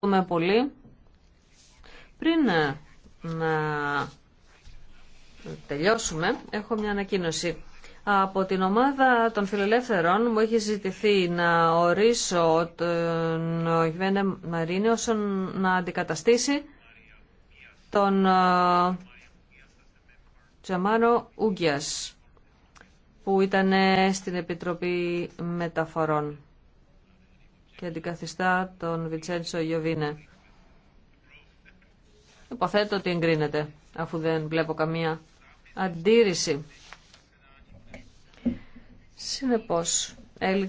Ευχαριστούμε πολύ. Πριν ε, να τελειώσουμε, έχω μια ανακοίνωση. Από την ομάδα των φιλελεύθερων μου έχει ζητηθεί να ορίσω τον Γιβένε Μαρίνη όσον να αντικαταστήσει τον ε, Τζαμάρο Ούγκιας που ήταν στην Επιτροπή Μεταφορών και αντικαθιστά τον Βιτσέντσο Ιωβίνε. Υποθέτω ότι εγκρίνεται, αφού δεν βλέπω καμία αντίρρηση. Συνεπώς,